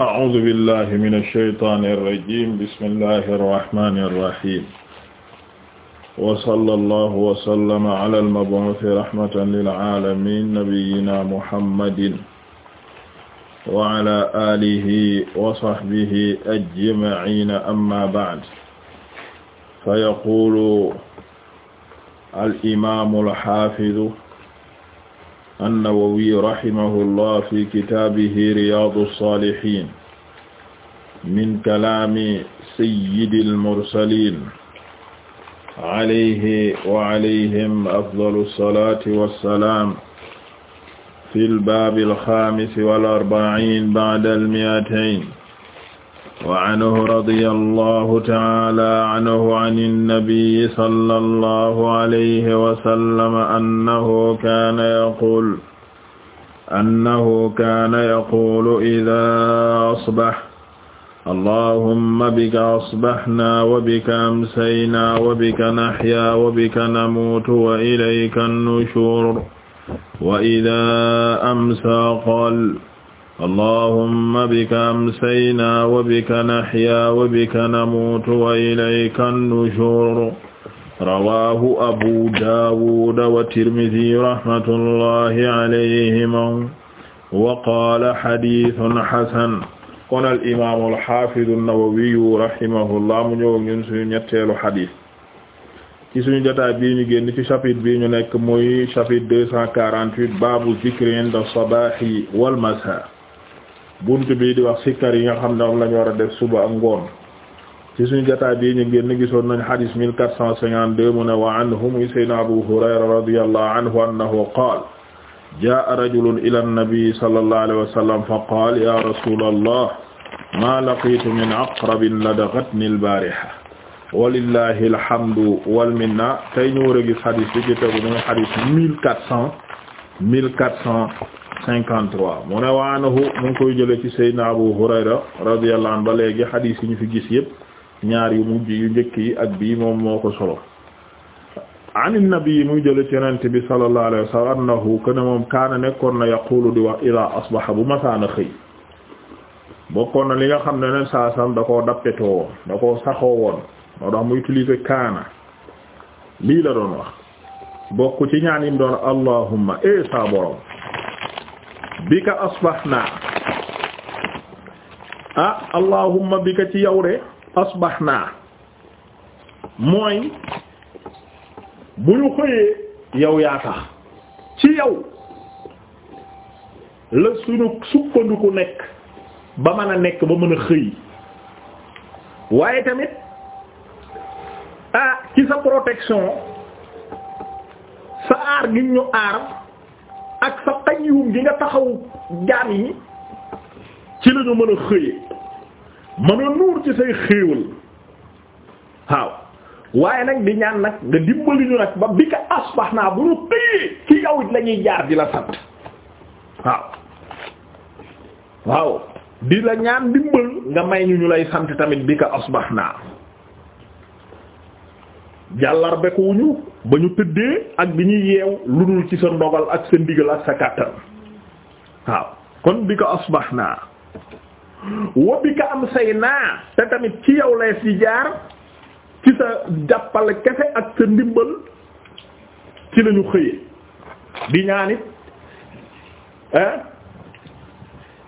أعوذ بالله من الشيطان الرجيم بسم الله الرحمن الرحيم وصلى الله وسلم على المبعوث رحمة للعالمين نبينا محمد وعلى آله وصحبه أجمعين أما بعد فيقول الإمام الحافظ an-Nawawi rahimahullah fi kitaabihi Riyaadu s-Saalihiin min kalaami sayyidil mursaliin alayhi wa alayhim afdalu s-salaati wa s-salaam fil baabil xaamis wal arba'iin ba'dal mi'atayn وعنه رضي الله تعالى عنه عن النبي صلى الله عليه وسلم أنه كان يقول أنه كان يقول إذا أصبح اللهم بك أصبحنا وبك أمسينا وبك نحيا وبك نموت وإليك النشور وإذا أمسى قال allahumma bika amsaynaa wa bika nahyaa wa bika namuutu wa ilayka nushuur rawaahu abu daawuda wa tirmidi rahmatullahi alayhima wa qaala xadiisun xasan kon al imaamu alxaafidu nawawiyu rahimahullah mu ñëw ñun suñu ñetteelu xadiis ci suñu jotaay bii ñu génn ci chapitre bii ñu nekk muy chapitre 248 baabu zikri inda sabaahi wal masaa bunt bi di wax sikkar yi nga xam ne moom la ñu war a def suba ak ngoon ci suñu jotaay bii ñu génn gisoon nañ hadis 1452 mu ne wa anhu muy sayyidina Abu Hurayra radiyallahu anhu annahu qaala jaa'a rajulun ilaa nabi sallallahu alayhi wa sallam fa qaala ya rasuulallah maa laqiitu min aqrabin ladaghatni al-baariha walillahi alhamdu wal minna tey ñu war a gis hadis bi ci tegu muy 53 mu ne waanahu mu ngi koy jële ci Seydina Abu Hurayra radiyallahu anhu ba léegi xadiis yi ñu fi gis yëpp ñaar yu mujj yu njëkk yi ak bii moom moo ko solo an nabi muy jële ci yonent bi sallallahu alayhi wa sallam annahu kana moom kaana nekkoon na yaqulu di wax ila asbaha bu masaana xëy bokkoon na li nga xam ne nen saasam da koo dappetoo woon da koo saxoo woon moo tax mu utiliser kaana lii la doon wax bokk ci ñaan doon allahumma e sa borom bika asbahna ah allahumma bika ci yow de asbahna mooy bu ñu xëyee yow yaa tax ci yow la suñu sukkandiku nekk ba mën a nekk ba mën a xëy waaye tamit ah ci sa protection sa aar gi ñu aar ak sa qayyum gi nga taxaw jaam yi ci la ñu mën a xëyee mën a nuur ci say xéewal waaw waaye nag di ñaan nag nga dimbali ñu nag ba bi ka asbax naa bu ñu xëyee ci yow la ñuy jaar di la sant waaw waaw di la ñaan dimbal nga may ñu ñu lay sant tamit bi ka asbax naa jàllarbeekuwuñu ba ñu tëddee ak bi ñuy yeew lu dul ci sa ndogal ak sa ndigal ak sa kàttan waaw kon bi ko asbax naa wa bi ka am say naa te tamit ci yow lay si jaar ci sa jàppale kese ak sa ndimbal ci lañu xëyee di ñaanit ah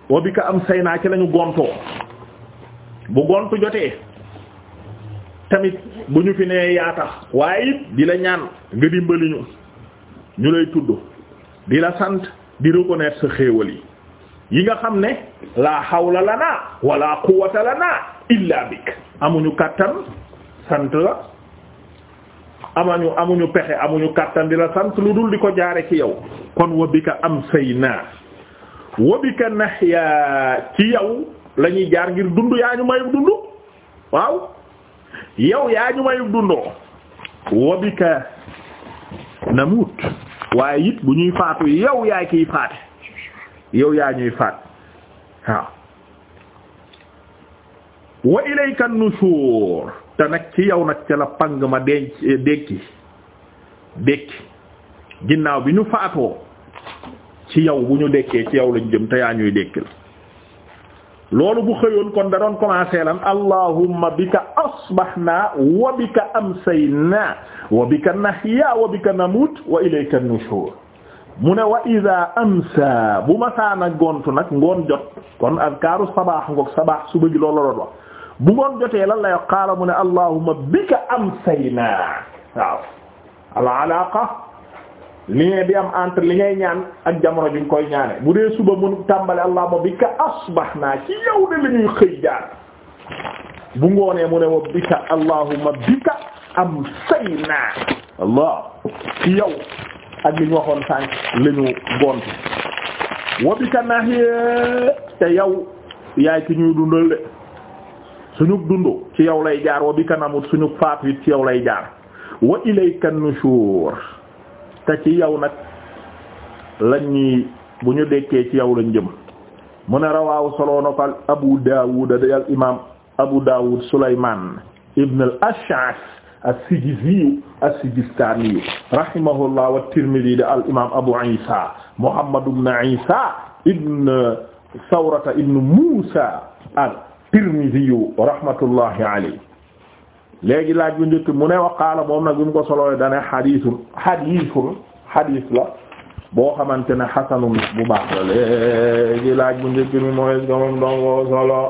wa bi ka am say naa ci lañu gontoo bu gontu jotee tamit bu ñu fi nee yaa tax waaye it di la ñaan nga dimbali ñu ñu lay tudd di la sant di reconnaître sa xéewal yi yi nga xam ne la hawla lana wala quwwata lana illa bik amuñu kàttan sant la amañu amuñu pexe amuñu kàttan di la sant lu dul di ko jaare ci yow kon wa bika amsayna wa bika nahya ci yow lañuy jaar ngir dund yaa ñu mayu dund waaw yow yaa ñu may dundoo wabika namuut waaye it bu ñuy faatu yow yaa kiy faate yow yaa ñuy faat waaw wa ilayka nushur te nag ci yow nag ca la pang ma denc dekki dekki ginnaaw bi ñu faatoo ci yow bu ñu dekkee ci yow lañ jëm te yaa ñuy dekkil loolu bu xëyoon kon da doon commencé lan allahumma bika asbahna wa bika amsayna wa bika nahya wa bika namut wa ilayka nushur mu ne wa ida amsa bu masaana gontu nag ngoon jot kon azkaaru sabaax ngoog sabaax suba gi loolu la doon wax bu ngoon jotee lan lay qaala mu ne allahumma bika amsayna waaw al alaqa lien bi am entre li ngay ñaan ak jamono juñ koy ñaane bu dee suba mun tàmbale allahumma bika asbahna ci yow de li ñuy xëy jaar bu ngoonee mu ne wa bika allahumma bika amsayna allah ci yow ak li ñu waxoon sànq li ñu gonti wa bika nahiya te yow yaay ci ñuy dundal de suñu dund ci yow lay jaar wa bika namut suñu faatu it ci yow lay jaar wa ilayka nushur te ci yow nag lañ ñuy bu ñu dekkee ci yow lañ jëm mu ne rawaawu soloona ko abu daawud day al imaam abu daawud sulayman ibn al ash'as as-sijiziyu as-sijistaaniyu rahimahullah wa tirmidhi da al imaam abu isa muhammad ibn isa ibn sawrata ibn musa al tirmidhiyu rahmatullahi alayhi léegi laaj bu njëkk mu ne waqaala moom nag bi mu ko solooy dane xadiisun xadiisun xadiis la boo xamante ne xasanun bu baax la léegi laaj bu njëkk mi mooy est-ce que moom dongo solo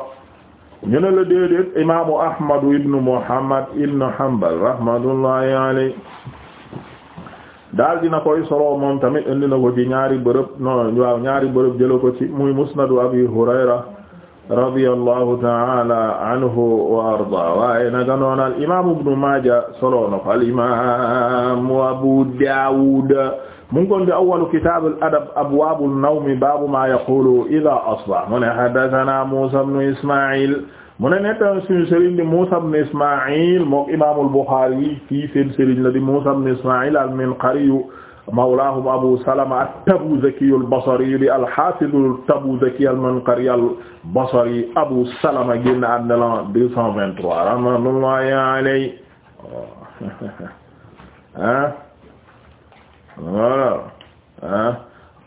ñu la déedéet imaamu ahmadu ibnu muhammad ibnu hanbal rahmatullahi alayhi daal dina koy solo moom tamit indi na ko ci ñaari bërëb non ñaari bërëb jëla ko ci muy musnadu abi hurayra radiyallahu ta'ala anhu wa arda waaye naga noon al imam ibnu maaja solo na ko al imam abu daawud mu ngi kon di awwalu kitaab al adab abwaabu an-nawm baabu maa yaqulu idhaa asbaha mu ne haddathanaa muusaa ibnu ismaa'iil mu ne nettan suñu sëriñ di muusaa ibnu ismaa'iil mook imaamul buxaari fii seen sëriñ la di muusaa ibnu ismaa'iil al-minqari mawlaahum abu salama at-tabuzaki al-basri di al-haafid at-tabuzaki al-manqari al-basri abu salama génn àddina la 223 rahmatullahi alayhi ah voilà ah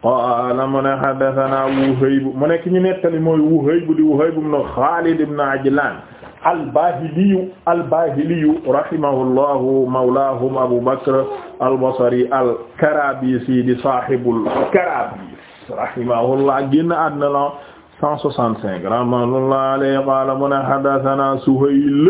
qaala mu ne haddathanaa Wuhayb mu nekk ñu nettali mooy Wuhayb di Wuhayb ibn Xaalid ibn Ajlaan albahiliyu albahiliyu rahimahullahu mawlaahum Abu Bakr al-Basri al-Karabisi di saahibul Karabis rahimahullah génn àddina la 165 rahmatullahi alayhi qaala mu ne haddathana Suhayl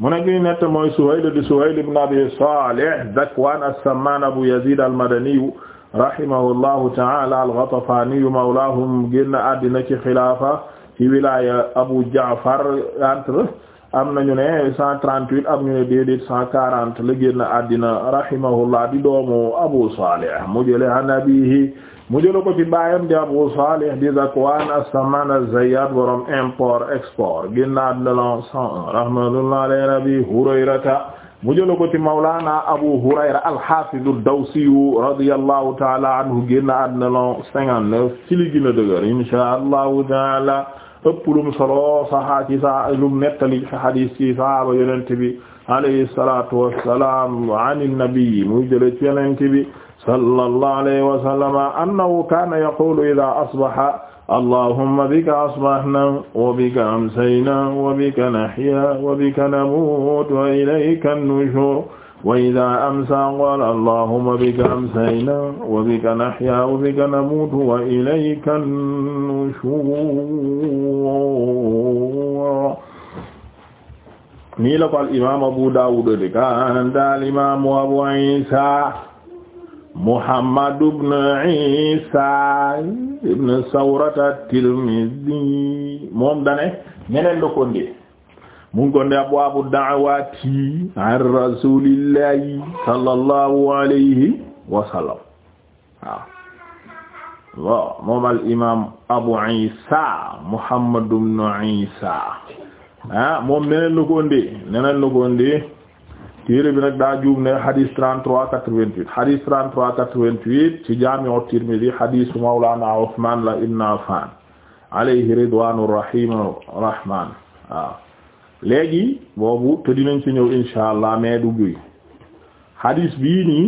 mu ne kii nett mooy Suhayl di Suhayl ibn Abi Salih Dhakwan as-Samman Abu Yazid al-Madaniyu rahimahullahu ta'ala al-Ghatafaniyu mawlaahum génn àddina ci xilaafa ci wilaya Abu Jaafar entre am nañu ne cent trente-huit am ñu ne déedéet cent quarante la génn àddina rahimahullah di doomu Abu Salih mu jële an abihi mu jële ko ci baayam di Abu Salih di Zakwan as-Samman az-Zayyat borom import export génn àddina la cent un rahmatullah alayhi Abi Hurayrata mu jële ko ci Mawlana Abu Hurayra al-Hafiz ad-Dawsi radiyallahu ta'ala anhu génn àddina la cinquante-neuf ci li gën a dëgër insha Allahu ta'ala ëpp lum solo saxaa ci sa lum nettali fi hadis ci sahaaba yonent bi alayhi salatu wassalam an innabii muy jële ci yonent bi sallallahu alayhi wa sallama annahu kaana yaqulu ida asbaha allahumma bika asbahna wa bika amsayna wa bika nahya wa bika namuutu wa ilayka nushur wa idha amsa qala allahumma bika amsayna wa bika nahya wa bika namutu wa ilayka an-nushur nii la ko al imam Abu Dawud de kanta al imam Abu Isa Muhammad ibn Isa ibn Sawrata at-Tirmidhi moom dane ñeneen la ko ndee mu ngi ko ne abwaabu da'awaati an rasuulillahi sallallahu alayhi wa sallam waaw moom al imaam Abu Isa Muhammad ibn Isa ah moom neneen la ko ëndee neneen la ko ëndee téere bi nag daa juum ne hadith 33 88 hadith 33 88 ci jaami'u Tirmidhi hadith Mawlana Usman la ibn Affan alayhi ridwaanur rahiim rahmaan waaw léegi boobu te dinañ ci ñëw insha allah mais du guy xadis bii nii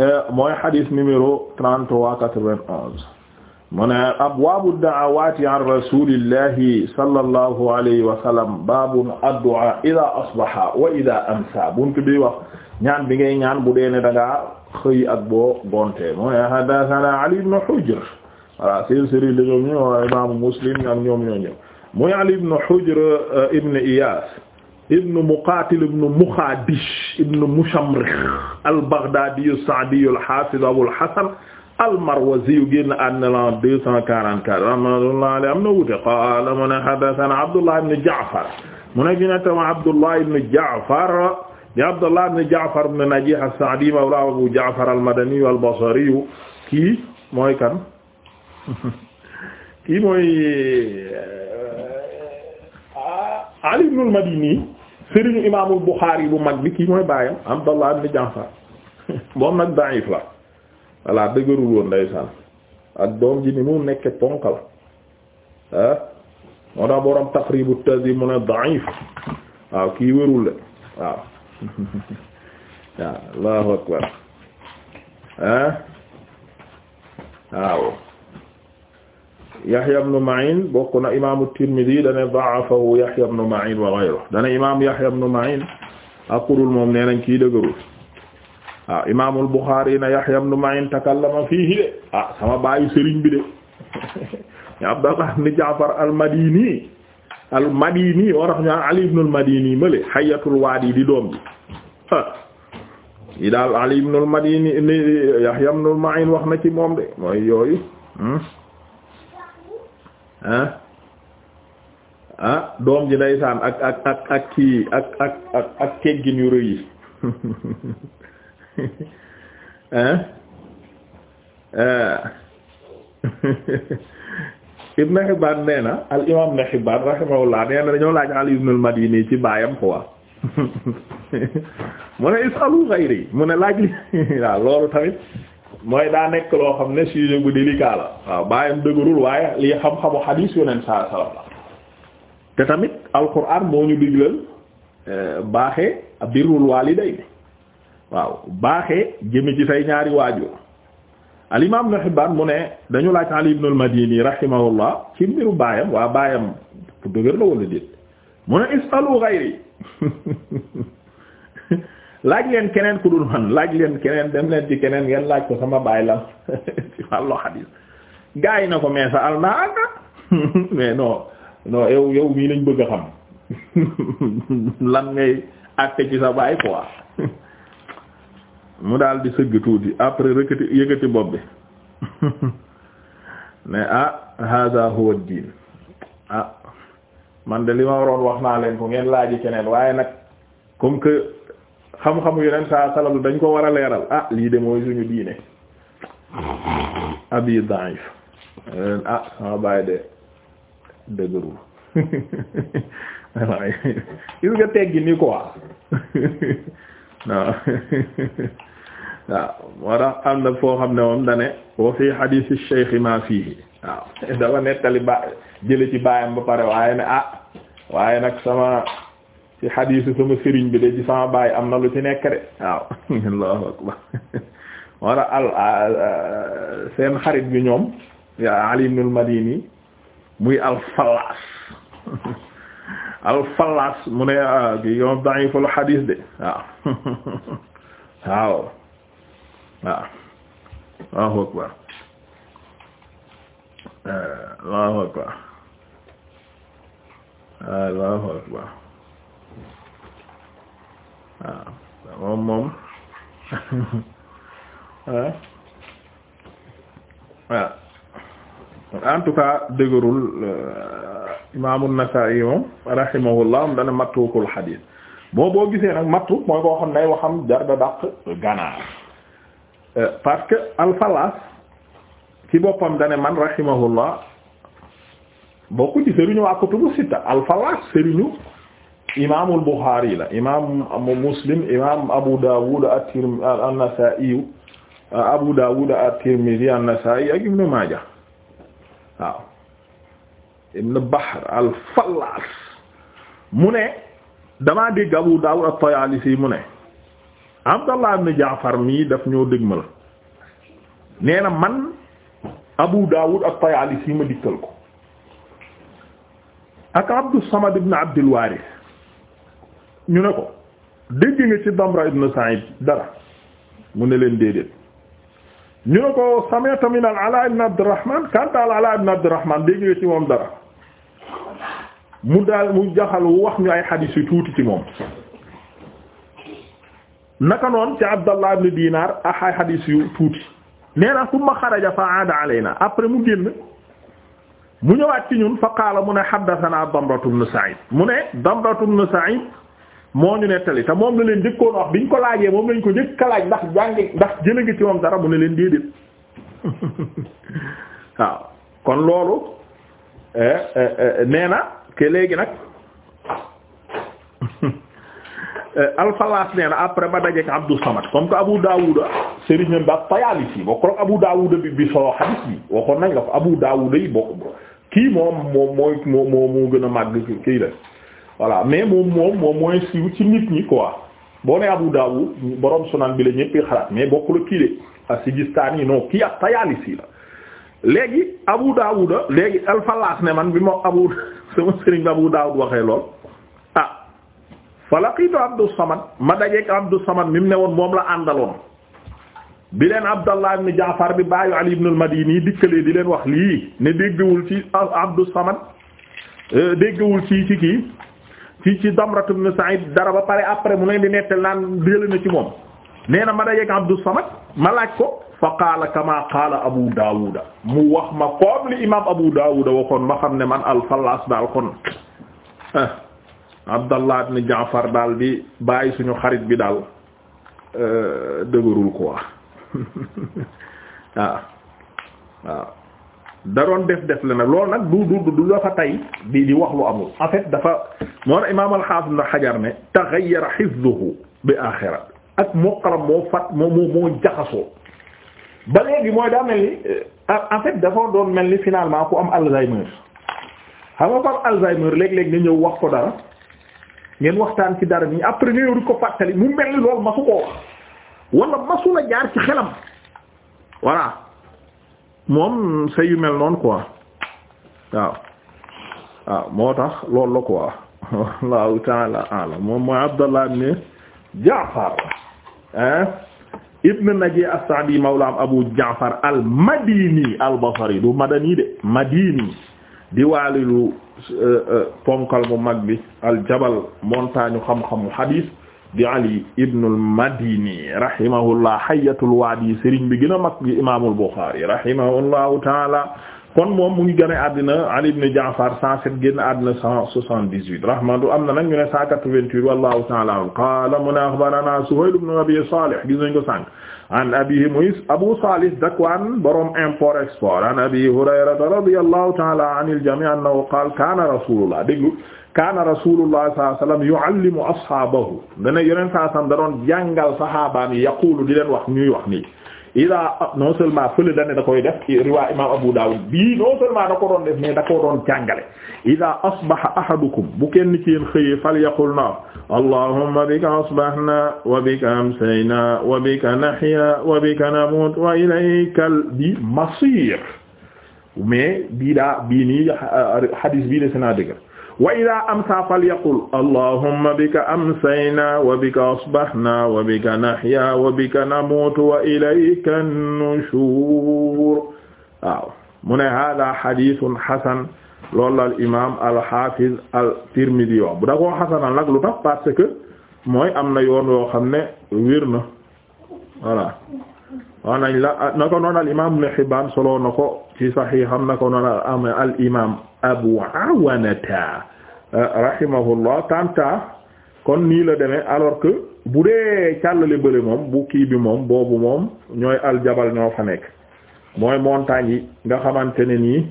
euh, mooy xadis numéro 33 91 mu ne abwaabu da'awaati an rasulillahi sallallahu alayhi wa sallam baabun addu'a ida wa ida amsa buntu bi wax ñaan bi ngay ñaan bu deene da ngaa ak boo gontee mu ne hadathana ali ibn hujr voilà seen série la ñoom ñu imaamu muslim ak ñoom ñoo muy Ali ibn Hujr eh, ibn Iyas ibn Muqatil ibn Mukhadish ibn Mushamrikh al-Baghdadi as-Sa'di al-Hafiz Abu al-Hasan al-Marwazi génn àddina la 244 rahmatullahi alayhi am na wuute qaala mu ne haddathana Abdullah ibn Ja'far mu ne gën a taw Abdullah ibn Ja'far di Abdullah ibn Ja'far ibn Najih as-Sa'di mawla Abu Ja'far al-Madani al-Basri kii mooy kan kii mooy Ali ibn al-Madini sëriñu imaamul Buxaari bu mag bi kii mooy baayam Abdallah ibn Ja'far moom nag da'if la voilà dëgërul woon ndeysaan ak doom ji ni mu nekke ponk la moo tax borom Taqrib at-Tahdhib mu ne waaw kii wérul la waaw waaw Allahu akbar ah waaw Yahya ibn Ma'in bokk na imaamu Tirmidhi dane da'afahu Yahya ibn Ma'in wa ghayruhu dane imaam Yahya ibn Ma'in ak kurul moom nee nañ kii dëgërul waaw ah, imaamul Bukhari na Yahya ibn Ma'in takallama fiihi de ah sama baayu sëriñ bi de Abdallah ibn Ja'far al-Madini al-Madini ax ñaan Ali ibn madini male Hayatul Wadi di doom bi yi daal Ali ibn madini Yahya ibn Ma'in wax na ci moom de mooy yooyu hmm? ah ah doom ji ndeysaan ak ak ak ak kii ak ak ak ak teggin yu rëy yi ah Ibn Hibbaan nee na al imaam Ibn Hibbaan rahimahullah nee na dañoo laaj Ali ibn al-Madini ci baayam quoi mu ne isalu ghayri mu ne laaj li waaw loolu tamit mooy daa nekk loo xam ne sujet bu délicat waaw bàyyam dëgërul waaye lii xam-xamu xadiis yoneen saa salaam te tamit alquran moo ñu diglal eh, baaxee birrul waalidayni waaw baaxee jëme ci say ñaari waajur al imaam Ibn mu ne dañu laaj Ali ibn al-Madini rahimahullah ci mbiru baayam waa baayam dëgër la wala déet mu ne is'alu ghayri laaj leen keneen ku dul man laaj leen keneen dem leen ci keneen ngeen laaj ko sama baay lan ci wàllu xadiis gaa yi na ko mais sa al na aka mais non non yow yow mii lañ bëgg a xam lan ngay àtte ci sa baay quoi mu daal di sëgg tuuti après rëkkati yëkkati bopp bi mais ah huwa diin ah man de li ma waroon wax naa leen ko ngeen laaj yi keneen waaye nag comme que xam-xamu yeneen saa salaam dañ ko war a leeral ah lii de mooy suñu diine abi da'if ah sama baay de dëgërul waaye gis nga teggi ni quoi waaw waaw moo tax am na foo xam ne moom dane wa fi hadith ash-shaykh ma fihi waaw dafa nettali ba jële ci baayam ba pare waaye ne ah waaye nag sama ci xadiisu sama sëriñ bi de ci sama baay am na lu ci nekk de waaw allahu akbar wala al euh, seen xarit bi ñoom ya Ali ibn al-Madini muy al-Fallaas al-Fallaas mu ne ah, yow da'iful xadiis de waaw waaw waaw allahu akbar euh, allahu akbar allahu akbar waaw moom moom waaw en tout cas dëgërul euh, imaam an-Nasaa'i moom rahimahullah dana matrukul xadiis boo boo gisee nag waxam jar da dàq ganaar euh, parce que al-Fallaas ci boppam dane man rahimahullah bokku ci waa kutubu sitta al-Fallaas imaamul Buxaari la imaam Muslim imaam Abu Dawud at-Tirmidhi an-Nasa'i Abu Dawud at-Tirmidhi an-Nasa'i ak Ibn Maaja waaw Ibn Bahr al-Fallaas mu ne damaa dégg Abu Dawud at-Tayaalisi mu ne Abdallah ibn Jaafar mii daf ñoo dégmal nee na man Abu Dawud at-Tayaalisi ma dikkal ko ak Abdus Samad ibn Abdul Waaris ñu ne ko dégg nga ci Damra ibn Sa'id dara mu ne leen déedéet ñu ne ko sami'tu min al-Ala ibn Abdurrahman kanta al-Ala ibn Abdurrahman dégg nga ci moom dara mu daal mu jaxal wax ñu ay xadiis yu tuuti ci moom naka noon ci Abdallah ibn Dinar ak ay xadiis yu tuuti nee na summa xaraja fa aada alayna après mu génn mu ñëwaat ci ñun fa qaala mu ne haddathana Damratu ibn Sa'id mu ne Damratu ibn Sa'id moo ñu nettali te moom la leen njëkkoon wax biñ ko laajee moom lañ ko njëkk a laaj ndax jàngi ndax jëla ngi ci moom dara mu ne leen déedéet waaw kon loolu eh, eh, eh, nee na ke léegi nag alfalas nee na après ba dajeek Abdou Samad comme que Abu Daawuda sëriñam bi ak Tayaalisi bokk rek Abu Daawuda bi bi solo xadiis bi waxoon nañ la ko Abu Daawuda yi bokk kii moom moom mooy moo moo moo gën a màgg kii la voilà mais moom moom moom mooy siiw ci nit ñi quoi boo ne Abu Dawud borom sunan bi la ñëpp xalaat mais bokkul kii de as-Sijistani non kii ak Tayalisi la léegi Abu Dawud léegi al-Fallas ne man bi ma Abu sama sëriñ bi Abu Dawud waxee lool ah fa laqiitu Abdus Samad ma dajeek Abdus Samad mi mu ne woon moom la àndaloon bi leen Abdallah ibn Jaafar bi baayu Ali ibn al-Madini dikkalee di leen wax lii ne déggawul ci Abdus Samad euh, déggawul ci ci kii. ci ci Damrat ibn Sa'id dara ba pare après mu leen di nettal naan jëlee na ci moom nee na ma dajeeg Abdus Samad ma laaj ko fa qaala kama qaala Abu Daawuda mu wax ma comme li imaam Abu Daawuda waxoon ma xam ne man al-Fallaas daal kon ah Abdallah ibn Jaafar daal bi bàyyi suñu xarit bi daal euh, dëgërul quoi ah, waaw waaw. da doon def def la nag nag du du du dafa tey di di wax lu amul en dafa moo na imaam al-Hafiz Ibn Hajar ne taghayyara hifdhuhu bi axira ak moqaram moo fat moo moo moo jaxasoo ba léegi mooy daa mel ni euh, en fait dafa doon mel ni finalement ku am Alzheimer xam nga ko am Alzheimer léeg-léeg nga ñëw wax ko dara ngeen waxtaan ci dara nii après nga yoru ko fàttali mu mel ni loolu masu ko wax wala masu la jaar ci xelam voilà moom sëy yu mel noonu quoi waaw waaw moo tax loolu la quoi wallahu taala alam moom mooy Abdallah ibn Jaafar ibn Naji as-Sa'di mawlaam Abu Jaafar al-Madini al-Basri du madani de madini di waalilu euh, euh, ponkal mu mag bi al-Jabal montagne xam-xamu hadith di ali ibnu al-madini rahimahullah hayatul waadi sëriñ bi gën a mag bi imaamul buxaari rahimahullahu taala kon moom mu ngi gën a àddina ali ibn jaafar cent sept génn àddina cent soixante-dix-huit rahmatu am na nag ñu ne cent quatre-vingt-huit wallahu taala qaala mu ne axbarana suhayl ibn abi salih gis nañ ko sànq an abihi muy abu salih dakwaan borom import export an abi hurayrata radiyallahu taala anil jami' annahu qaala kaana rasulullah déglu kaana rasulullah sallallahu alayhi wasallam yuallimu ashaabahu dana yeneen saa sam da doon jàngal saxaabaam yi yaqulu di leen wax ñuy wax nii ila non seulement fële dane da koy def riwaa imam Abu Dawud bii non seulement da ko doon def mais da ko doon jàngale ida asbaha ahadukum bu kenn ci yéen xëyee fal yaqul na allahumma bika asbahna wa bika amsayna wa bika nahya wa bika namut wa ilaykal bi masir mais bii daa bii nii hadis bii de sena dëgër wa idaa amsaa falyaqul allahumma bika amsaynaa wa bika asbahnaa wa bika nahyaa wa bika namuutu wa ilayka nushuur waaw mu ne haadaa hadiisun hasan loolu al imaam al haafiz al tirmidi wax bu da koo xasanal nag lu tax parce que mooy am na yoon yoo xam ne wér na voilà wax nañ la ah, na ko noon al imaam Ibn Hibbaan solo na ko ci saxiixam na ko noon al imaam Abu Awaanata ah, rahimahullah tanta kon nii la demee alors que bu dee càllale bële moom bu kii bi moom boobu moom ñooy aljabal ñoo fa nekk mooy montagne yi nga xamante ne nii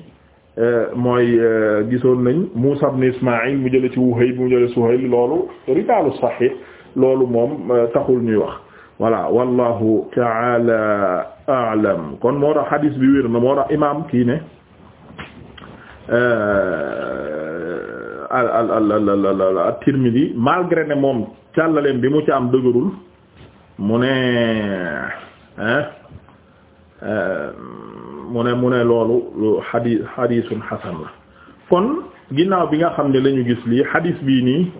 eh, mooy eh, gisoon nañ Muusaa ibn Ismaayil mu jële ci Wuhayb mu jële Suhayl loolu rijaalu saxiix loolu moom eh, taxul ñuy wax voilà wallahu taala alam kon moo tax hadis bi wér na moo tax imam kii ne euh, al al al al Tirmidhi malgré ne moom càllaleen bi mu ci am dëgërul mu ne euh, mu ne mu ne loolu lu hadis hadisun hasan kon ginnaaw bi nga xam ne lañu gis lii hadis bii nii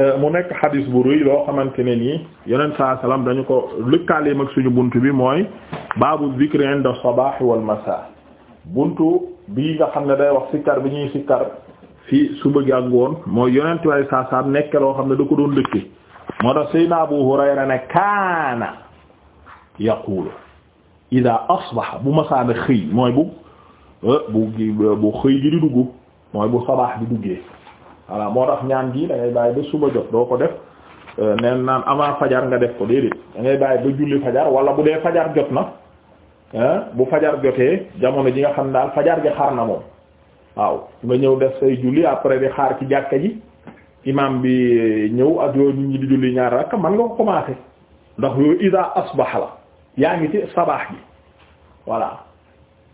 Euh, mu nekk xadis bu rëy loo xamante ne nii yeneen saa salaam dañu ko lëkkaaleem ak suñu bunt bi mooy baabu zikri inda sabaax wal masaa buntu bii nga xam ne day wax sikkar bi ñuy sikkar fii suba gi ak ngoon mooy yonent way saa saa nekk loo xam ne da ko doon dëkke moo tax Seydina Abu Hurayra ne kaana yaqulu ida asbaha bu masaana xëy mooy bu euh, bu bu xëy gi di dugg mooy bu sabaax di duggee voilà moo tax ñaan gi da bàyyi ba suba jot doo ko def euh, neen naan avant fajar nga def ko déedéet da ngay bàyyi ba julli fajar wala bu dee fajar jot na bu fajar jotee jamono ji nga xam daal fajar gi xar na moom waaw nga ñëw def say julli après di xaar ci jàkka ji imam bi ñëw ak yooyu nit ñi di julli ñaar rakk man nga ko commencé ndax yooyu ida asbaha la yaa ngi ci sabaax gi voilà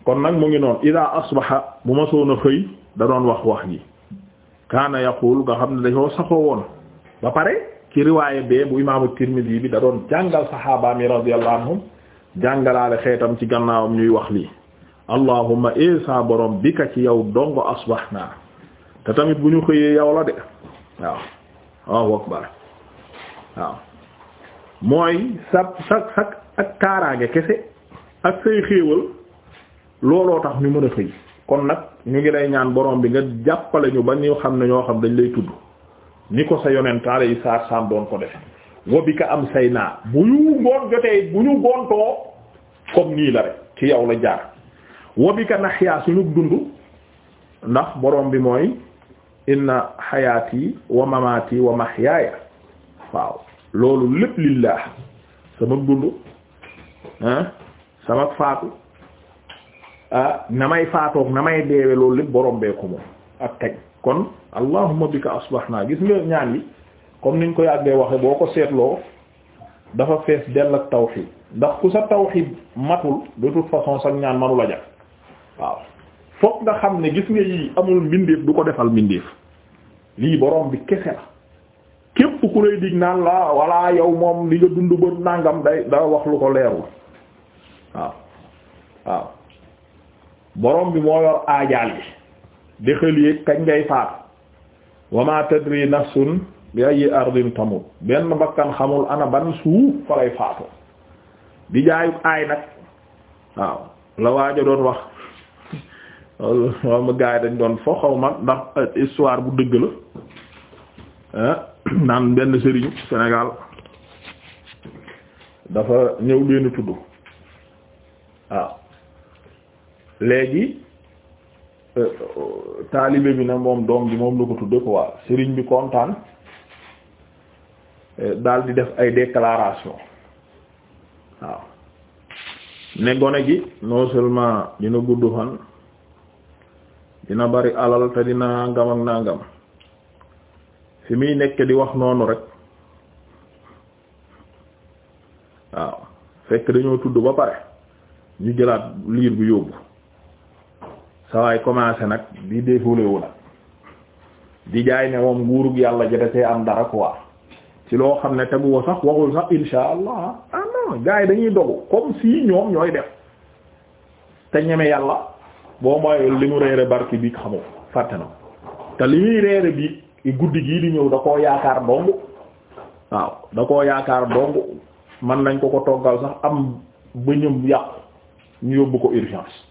kon nag mu ngi noonu ida asbaha bu ma soon a xëy da doon wax wax ji kaana yaqul nga xam ne dañoo saxoo woon ba pare ci riwaaye bee bu imaamu Tirmidhi bi da doon jàngal saxaabaam yi radiyallahu anhum jàngalaale xeetam ci gannaawam ñuy wax lii allahumma isa eh borom bi ci yow dongo asbahna te tamit bu ñu xëyee yow la de waaw waaw akbar waaw mooy sa sa sa ak kaaraange kese ak say xéewal looloo tax ñu mën a xëy kon nag ñu ngi lay ñaan borom bi nga jàppale ñu ba ñu xam ne ñoo xam dañ lay tudd ni ko sa yi alayhi salaam doon ko defe wobika am say naa bu ñu ngoon jotee bu ñu gontoo comme nii la rek ci yow la jaar wobika naxyaa suñu dund ndax borom bi mooy inna xayaati wa mamaati wa mahyaaya waaw loolu lépp lillah sama dund sama faatu Ah, na may faatoog na may deewe loolu lépp borom bee ko moom ak kañ kon allahumma bika asbahna gis nga ñaan yi comme niñ ko yàggee waxe boo ko seetloo dafa fees dell ak tawxiid ndax ku sa tawxiid matul de toute façon sax ñaan manu la waaw fokk nga xam ne gis nga yi amul mbindeef du ko defal mbindeef lii borom bi kese la képp ku lay dig naan la walla yow moom li nga dund ba nangam day da wax lu ko leerul waaw waaw borom bi moo yor aajaal yi di xel yi kañ ngay faat wa ma tadri nafsun bi ardin tamut benn bakkan xamul ana ban suuf fa lay faatu di jaayu aay nag waaw la waaja doon wax loolu ma gaay dañ doon fo xaw ma ndax histoire bu dëgg la eh, naan benn sëriñ Sénégal dafa ñëw benn tudd waaw léegi euh, euh, taalibe bi na moom doom bi moom la ko tudde quoi sëriñ bi kontaan euh, daal di def ay déclaration waaw ne gone gi non seulement dina gudd fan dina bari alal te dina nangam ak nangam fi muy nekk di wax noonu rek waaw fekk dañoo tudd ba pare ñu jëlaat liir bu yóbbu sawaay commencé nag bii défoulé wu nag di jaay ne moom nguurug yàlla ji da cee am dara quoi ci loo xam ne teguwa sax waxul sax insha allah ah non gars yi dañuy dogu comme si ñoom ñooy def te ñeme yàlla boo moy li mu réere barki bi xamu fàtte na te li muy réere bi guddi gii di ñëw da koo yaakaar dong waaw da koo yaakaar dong man nañ ko ko toggal sax am bëñëm yàqu ñu yóbbu ko urgence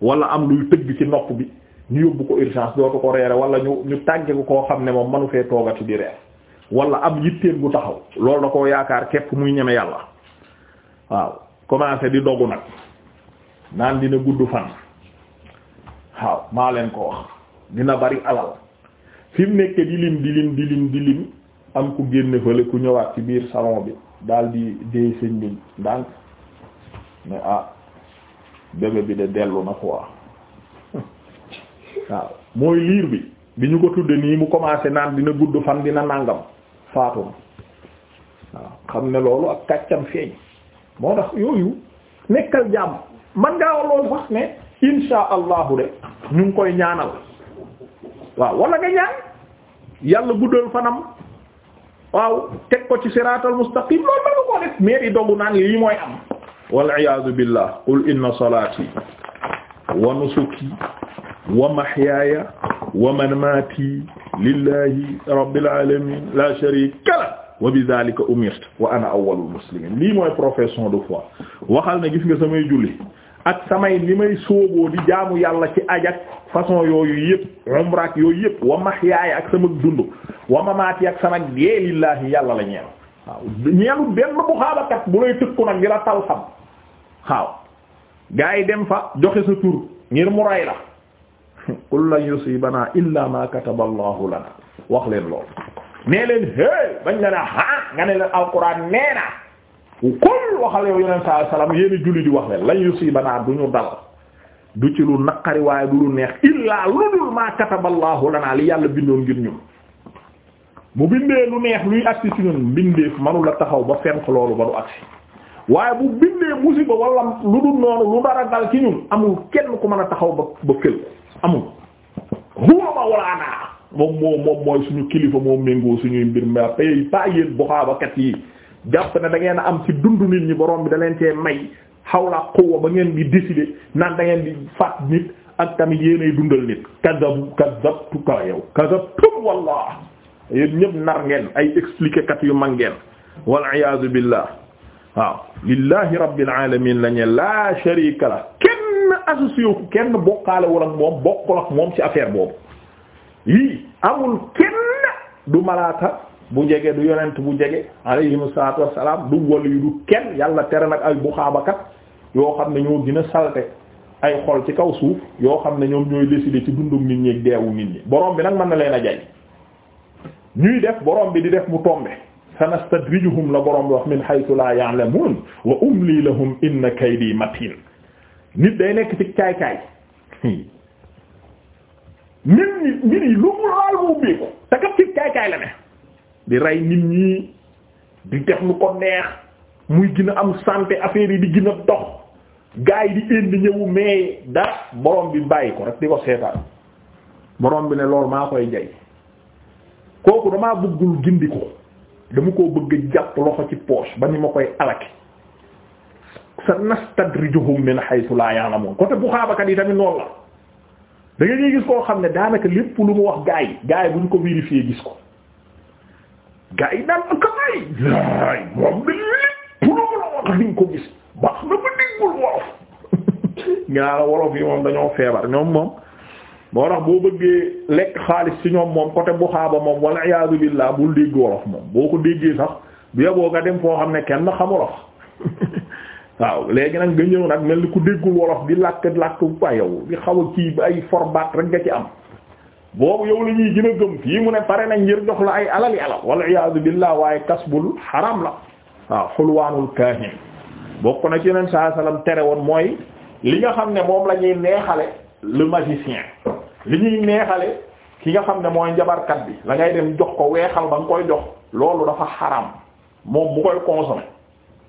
wala am luy tëgg ci nopp bi ñu yóbbu ko urgence dootu ko reere wala ñu ñu tàgge ko koo xam ne moom manu fee toogati di reer wala am yitteen bu taxaw loolu da koo yaakaar képp muy ñeme yàlla waaw commencé di dogu nag naan dina gudd fan waaw maa leen ko wax dina bari alal fi mu nekk di lim di lim di lim di lim am ku génne fële ku ñëwaat ci biir salon bi daal di dee sëñ bi ndànk mais ah bébé bi de dellu na quoi waaw mooy liir bi bi ñu ko tudde nii mu commencé naan dina gudd fan dina nàngam faatuma waaw xam ne loolu ak kàccam feeñ moo tax yooyu nekkal jàmm man ngaa wax ne insha allahu de ñu ngi koy ñaanal waaw wala nga ñaan yàlla guddal fanam waaw teg ko ci siraatal mustaqim loolu man nga koo def mais dogu naan lii mooy am wal iyaadu billah qul inna salaati wa nusuki wa mahyaaya wa mamaati lillahi rabbil aalamiin laa shariika lahu wa bidaalika umirtu wa ana awwalul muslimiin lii mooy profession de foi waxal ne gis nga samay julli ak samay li may sóoboo di jaamu yàlla ci ajak façon yooyu yëpp umraak yooyu yëpp wa mahyaaya ak sama dund wa mamaati ak sama dee lillaahi yàlla la ñeel waaw ñeelu benn bu xaabakat bu lay tëkku nag di la tal xam waaw gaa dem fa joxe sa tur ngir mu ray la qul lan yusibanaa illa ma kataba allahu wax leen lool nee leen hey bañ la ne ah nga ne leen alquran nee na kul waxal yow yeneen saa salaam yéen i julli di wax leen lan yusibanaa du ñu dal du ci lu naqari waaye du lu neex illaa lu dul ma kataba allahu li yàlla bindoo ngir ñun mu bindee lu neex luy agsi ci ñun mbindeef manu taxaw ba fenk loolu ba du agsi waaye bu bindee musiba wala lu dul noonu lu dara dal ci ñun amul kenn ku mën a taxaw ba ba kël amul huwa ma walaanaa moom moo moom mooy suñu kilifa moo méngoo suñuy mbir ma pay pas yéen yi jàpp ne da ngeen am ci dundu nit ñi borom bi da leen may xawla quwwa ba ngeen di décider naan da ngeen faat nit ak tamit yéenay dundal nit kazabu kazabtu ka yow kazabtum wallah yéen ñëpp nar ngeen ay expliquer yu mag ngeen wal iyaazu billah waaw lillahi rabbil alamin lañu laa sharika la kenn associé wu kenn bokkaale wul ak moom bokkul ak moom ci affaire boobu yii amul kenn du malaata bu jege du yonent bu jege alayhimu salaatu wassalaam du wali yu du kenn yàlla tere nag ay buxaabakat yoo xam ne ñoo gën a salte ay xol ci kaw suuf yoo xam ne ñoom ñooy décider ci dundum nit ñi ak deewu nit ñi borom bi nag mën na leen a jay ñuy def borom bi di def mu tombe sanastadrijuhum la borom bi wax min haythu la ya'lamun wa umli lahum inna kaydi matin nit day nekk ci caay-caay nit ñi nit yi lu mu laal mu ubbeeku te kat ci caay-caay la ne di rey nit ñi di def lu ko neex muy gën a am santé affaire yi di gën a dox gars yi di indi ñëwu mais dara borom bi bàyyi ko rek di ko seetaan borom bi ne lool maa koy jay kooku damaa bëggul gindi ko dama koo bëgg jàpp loxo ci poche ba ni ma koy alaki sa nastadrijuhum min haythu la ya'lamun côté bu xaabakat yi tamit noonu la da ngay gis koo xam ne daanaka lépp lu mu wax gaa yi gaa yi buñ ko vérifier gis ko gaa yi daal akaay laay moom lépp lu wax diñ ko gis baax na ba déggul la wolof yi moom dañoo feebar ñoom moom moo tax boo bëggee lekk xaalis ci ñoom moom côté bu xaaba moom wala iyaadu billaah bul dégg wolof moom boo ko déggee sax bu yeboo nga dem koo xam ne kenn xamu wolof waaw léegi nag nga ñëw nag mel ni ku déggul wolof di làkk làkk ba yow di xaw kii ba ay forbaat rek nga ci am boobu yow la ñuy gën a gëm fii mu ne pare nañ ngir jox la ay alal yàlla wala iyaadu billaah waaye bul xaram la waaw xulwaanul kaahin bokk na ci yeneen saa salaam tere woon mooy li nga xam ne moom la ñuy neexale le magicien li ñuy neexale ki nga xam ne mooy njabarkat bi la ngay dem jox ko weexal ba nga koy jox loolu dafa xaram moom bu koy consommer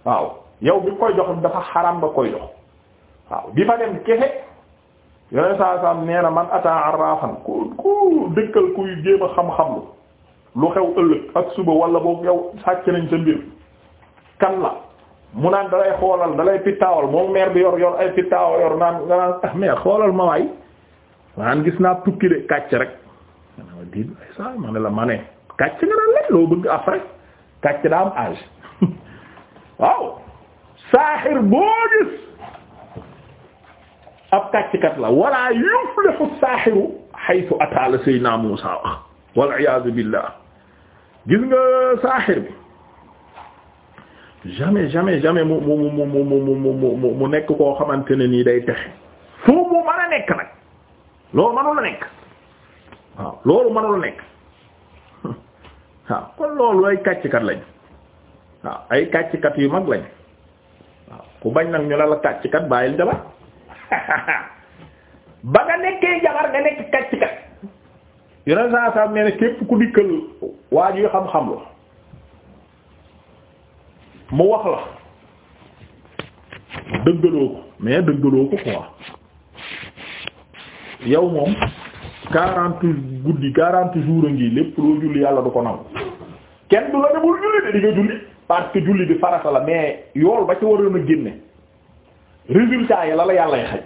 waaw yow bi koy jox dafa xaram ba koy jox waaw bi fa dem kese yoneen saa saam nee na man ata arrafan ku ku dëkkal kuy jéem xam-xam lu xew ëllëg ak suba wala boog yow sàcc nañ sa mbir kan la mu naan dalay xoolal dalay pittaawal moom meer bi yor yor ay pittaawa yor naan nga naan ah mais xoolal ma waay maanaam gis naa tukki de kàcc rek ma di sa ma ne la ma ne kàcc nga naan lay loo bëgg après kàcc daa am âge waaw saaxir boo gis ab kàcckat la wala yuflihu saaxiru haythu ataala sayna Muusaa wax wal iyaazu billaah gis nga saaxir bi jamais jamais jamais mu mu mu mu mu mu mu nekk koo xamante ne nii day texe fu mu mën a nekk nag loolu mënul a nekk waaw loolu mënul a nekk waaw kon loolu ay kàcckat lañ waaw ay kàcckat yu mag lañ waaw ku bañ nag ñu la la kàcckat bàyyil jabar ba nga nekkee jabar nga nekk kàcckat yeneen saa saa nee képp ku dikkal waa juy xam-xam la mu wax la dëggaloo ko mais dëggaloo ko quoi yow moom quarante guddi quarante jours a ngi lépp loo julli yàlla du ko naw kenn du la ne bul julli de di julli parce que julli bi farata la mais yool ba ci waroon a génne résultat yi la la yàllay xaj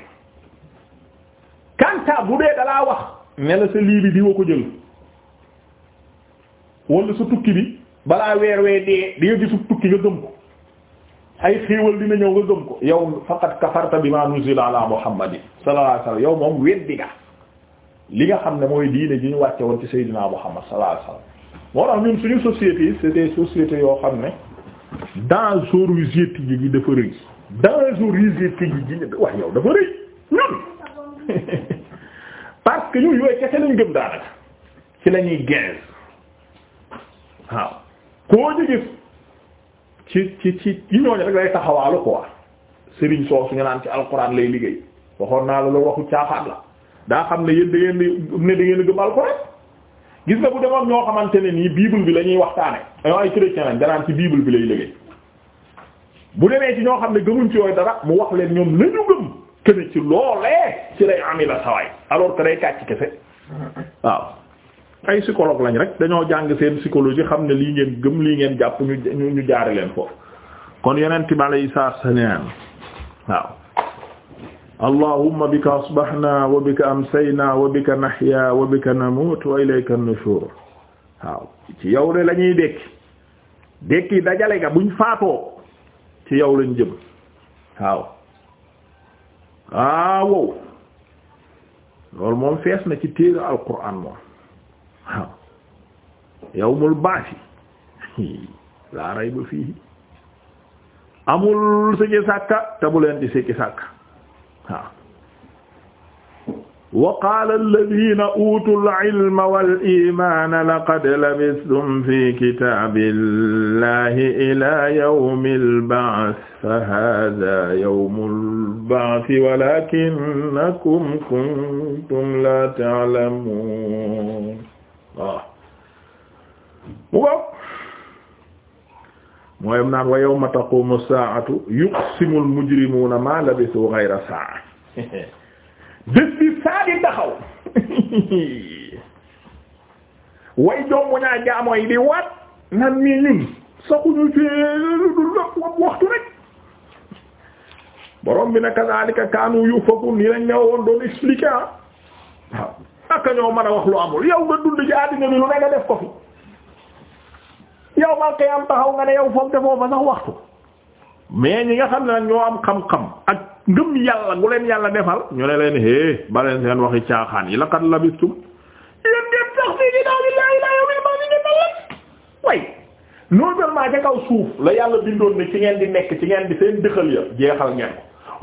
kanta bu dee dalaa wax ne la sa lii bi di wa ko jël wala sa tukki bi balaa weer weer dee di gisu tukki nga gëm ay xéewal dina ñëw nga gëm ko yow faqat kafarta bima nuzila ala muhammadin sallallahu alayhi wasallam yow moom weddi li nga xam ne mooy diine ji ñu wàcce woon ci sayyidina muhammad sallallahu alayhi wasallam moo tax ñun suñu société yi c'est yoo xam ne dangerosité gi dafa rëy dangerosité gi wax yow dafa rëy ñun parce que ñun yooyu kese lañ gëm daanaka ci la ñuy waaw koo ñu ci ci ci ci ñooñu rek lay taxawaalu quoi sëriñ soo suñu naan ci alquran lay liggéey waxoon naa la loolu waxu caaxaan la daa xam ne yéen da ngeen di ne da di gëm alquran gis nga bu demoon ñoo xamante ne nii bible bi la ñuy waxtaane ay chrétien lañ danaan ci biible bi lay liggéey bu demee ci ñoo xam ne gëmuñ ci yooyu dara mu wax leen ñoom lañu gëm kene ci loolee ci lay amila sawaay alors que day kàcc kese waaw ay psychologue lañ rek dañoo jàng seen psychologie xam ne lii ngeen gëm lii ngeen jàpp ñu ñu jaare leen foofu kon yonent bi alayhi salaam waaw allahumma bika asbahna wa bika amsayna wa bika nahya waaw ci yow de lañuy dekki dekki dajale ga buñ faatoo ci yow lañ jëm waaw waaw loolu moom fees na ci téere al-Qur'an moom waaw yawmul baasi laa rayba fiihi amul sikki sàkka te bu leen di sikki sàkka waaw wa qaala alladhiina uutul ilma wal iimaana laqad labistum fi kitaabillahi ilaa yawmil ba'th fa haadhaa yawmul ba'th walaakinnakum kuntum laa ta'lamuun waaw mu ko mooyam naan wa yawma taqumu saa'atu yuqsimu al-mujrimuuna maa labisu ghayra saa'a bés bi saa di taxaw way doom mu ñaa jaamoo yi di waat nan mii ñun saxuñu ci waxtu rek borom bi na kadhalika kaanu yufakun nii lañ ñëwoon doon expliquer ah aka ñoo mën a wax lu amul yow nga dund ci àddina bi lu ne nga def ko fi yow man am taxaw nga ne yow foofu defoo fa sax waxtu mais ñi nga xam ne nag ñoo am xam-xam ak ngëm yàlla gu leen yàlla defal ñu ne leen hé ba leen seen waxi caaxaan yi laqad labistum yéen ngeen tax fii di daaw di laayi laa yow leen maa ni ngeen dal way non seulement ca kaw suuf la yàlla bindoon ne ci ngeen di nekk ci ngeen di seen dëxal ya jeexal ngeen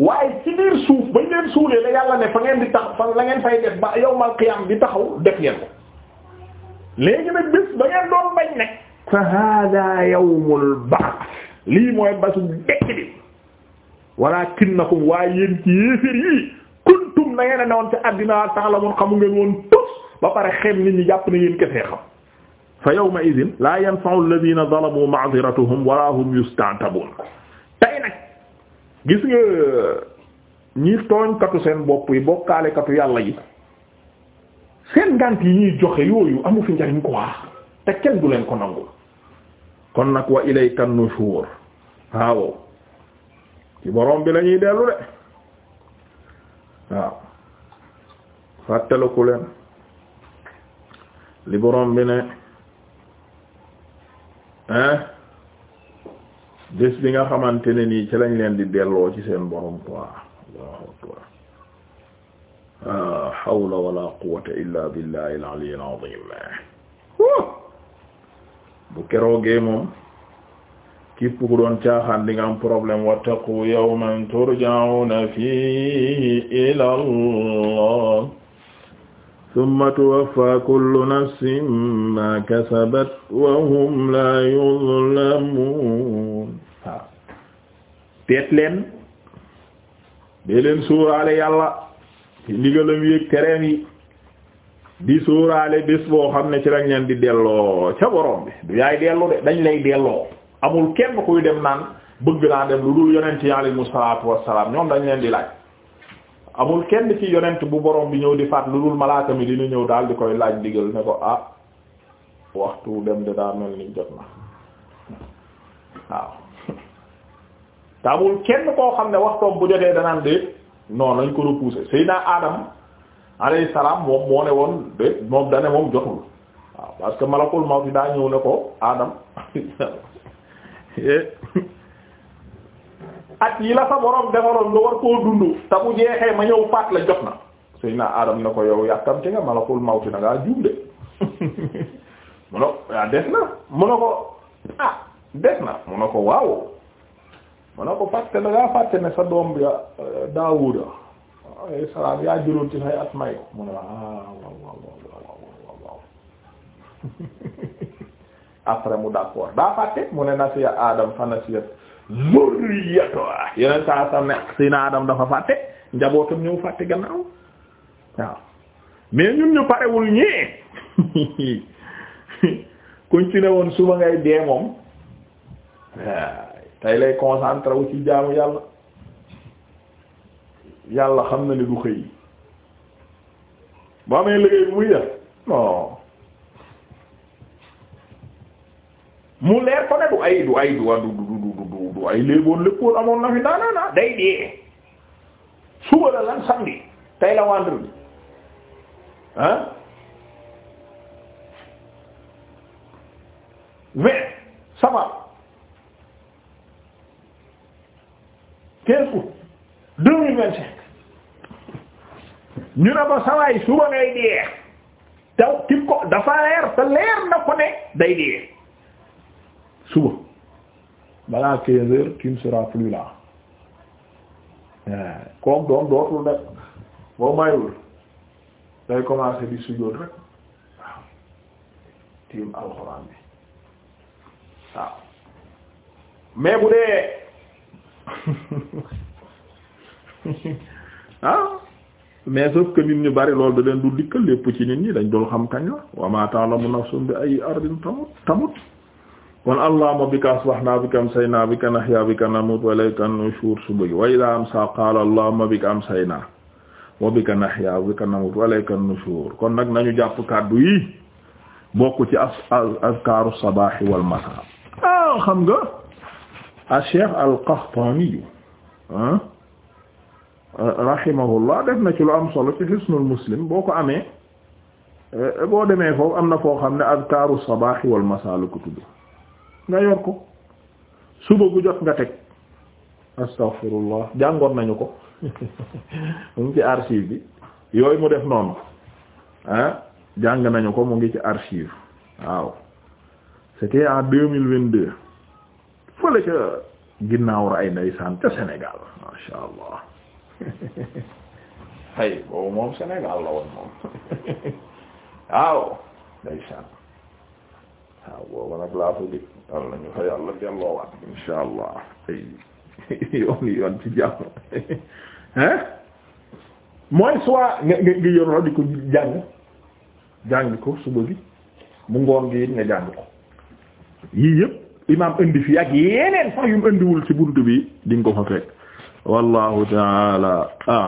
waaye ci biir suuf bañ leen suulee la fa ngeen di tax fa la ngeen fay def ba di taxaw def ngeen ko léegi nag bis ba ngeen doon bañ ne fa hada yawmul ba'th lii mooy basu dekk bi walaakinnakum waaye yéen ci yéefér yi kuntum na ngeen a newoon ci addinaa ta'lamun xamu ngeen woon tus ba pare xem nit ñi jàpp na yéen kesee xam fa yawma idhin la yanfa'u alladhina zalamu ma'dhiratuhum wala hum yusta'tabun gis nga ñi tooñkatu seen bopp yi bokkaalekatu yàlla yi seen ngànt yi ñuy joxe yooyu amu fi njariñ quoi te kenn du leen ko nangul kon nag wa ilayka nushur waaw ci borom bi lañuy dellu de waaw fàttaliku leen li borom bi ne hein bés bi nga xamante ne nii ci lañ leen di delloo ci seen borom quoi Allahu akbar la hawla wala quwwata illa billahi al-ali al-azim bu keroogee moom képp ku doon caaxaan di nga am problème wattaqu yawman turja'una fihi ila Allah thumma tuwaffa kullu nafsin ma kasabat wa hum la yuzlamun teet leen dee leen sóoraale yàlla ci ndigalam yéeg tereem yi di sóoraale bés boo xam ne ci lañ leen di delloo ca borom bi du yaay dellu de dañ lay delloo amul kenn kuy dem naan bëgg naa dem lu dul yonent yi alayhimu salaatu wassalaam ñoom dañ leen di laaj amul kenn ci yonent bu borom bi ñëw di faat lu dul malaaka mi dina ñëw daal di koy laaj ndigal ne ko ah waxtu dem de daa mel ni jot na waaw te amul kenn koo xam ne waxtoom bu jotee danaan déet non nañ ko repousser Seydina Adam alayhi salaam moom moo ne woon déet moom dane moom jotul waaw parce que malakul mawt daa ñëw ne ko Adam at yi la sa borom defaroon nga war koo dund te bu jeexee ma ñëw faat la jot na Seydina Adam ne ko yow yàkkamti nga malakul mawti na ngaa juum mu ne ko ah, des na mu ne ko ah des na mu ne ko waaw ma ne ko parce que da ngaa ne sa doom bi euh, Daawuda alayhi salaam yaa jëloon ci say at may ko mu ne la ah, a waaw waaw waaw waaw après mu d'accord daa fàtte mu ne nasiya Adam fa nasiya zurriyatu yeneen saa sa nekk si Adam dafa fàtte njabootam ñëw fàtte gannaaw waaw ñun ñu parewul ñii kuñ ci ne woon suba ngay dee moom waaw. tey lay concentré wu ci jaamu yàlla yàlla xam na ne du xëy bu amee liggéey bu muy non mu leer ko du ay du ay du wa du du du ay léeboon léppoon amoon na fi naanaana day dee suba la lan samedi tey la vendredi ah mais sama quinze août deux mille suba ngay dee taw kib ko dafa leer te leer na ko ne suba balaa quinze heures tu ne seras plus là eh, kook doom dootul nag boo mayul day commencer di sujjóot rek waaw tiim alxuraan bi bu dee ah mais sauf que nit ñu bari lool da leen du dikkal lépp ci nit ñi dañ doon xam kañ la wa ma ta'lamu nafsun bi ay ardin tamut tamut kon allahumma bika asbahna bika amsayna bika nahya bika namut wa ilayka nushur suba wa idha namut wa ilayka nushur kon nag nañu jàpp kàddu yi bokk ci as azkaaru sabaahi wal masaa ah xam nga a cheikh al qahtani ah rahimahullah def na ci lu am solo ci hisnul muslim boo ko amee eh, boo demee foofu am na foo xam ne azkaaru sabaaxi wal masaa la ko tudd nga yor ko suba gu jot nga teg astaghfirullah jàngoon nañu ko mu ngi ci archive bi yooyu mu def noonu ah jàng nañu ko mu ngi ci archive waaw c'était en deux mille vingt deux fële ca ginnaaw ra ay ndeysaan ca Sénégal masha Allah ay boobu moom Sénégal la woon moom waaw ndeysaan waaw boobu nag laa fa lig wal nañu fa yàlla delloowaat insha allah ay yoon yoon ci jàmm hein mooy soit nga nga nga yoroo di ko jàng jàng ko suba gi mu ngoon gi nga jàng ko yii yëpp imaam indi fi ak yeneen sax yu mu indiwul ci buntu bi di nga ko fa fekk wallahu taala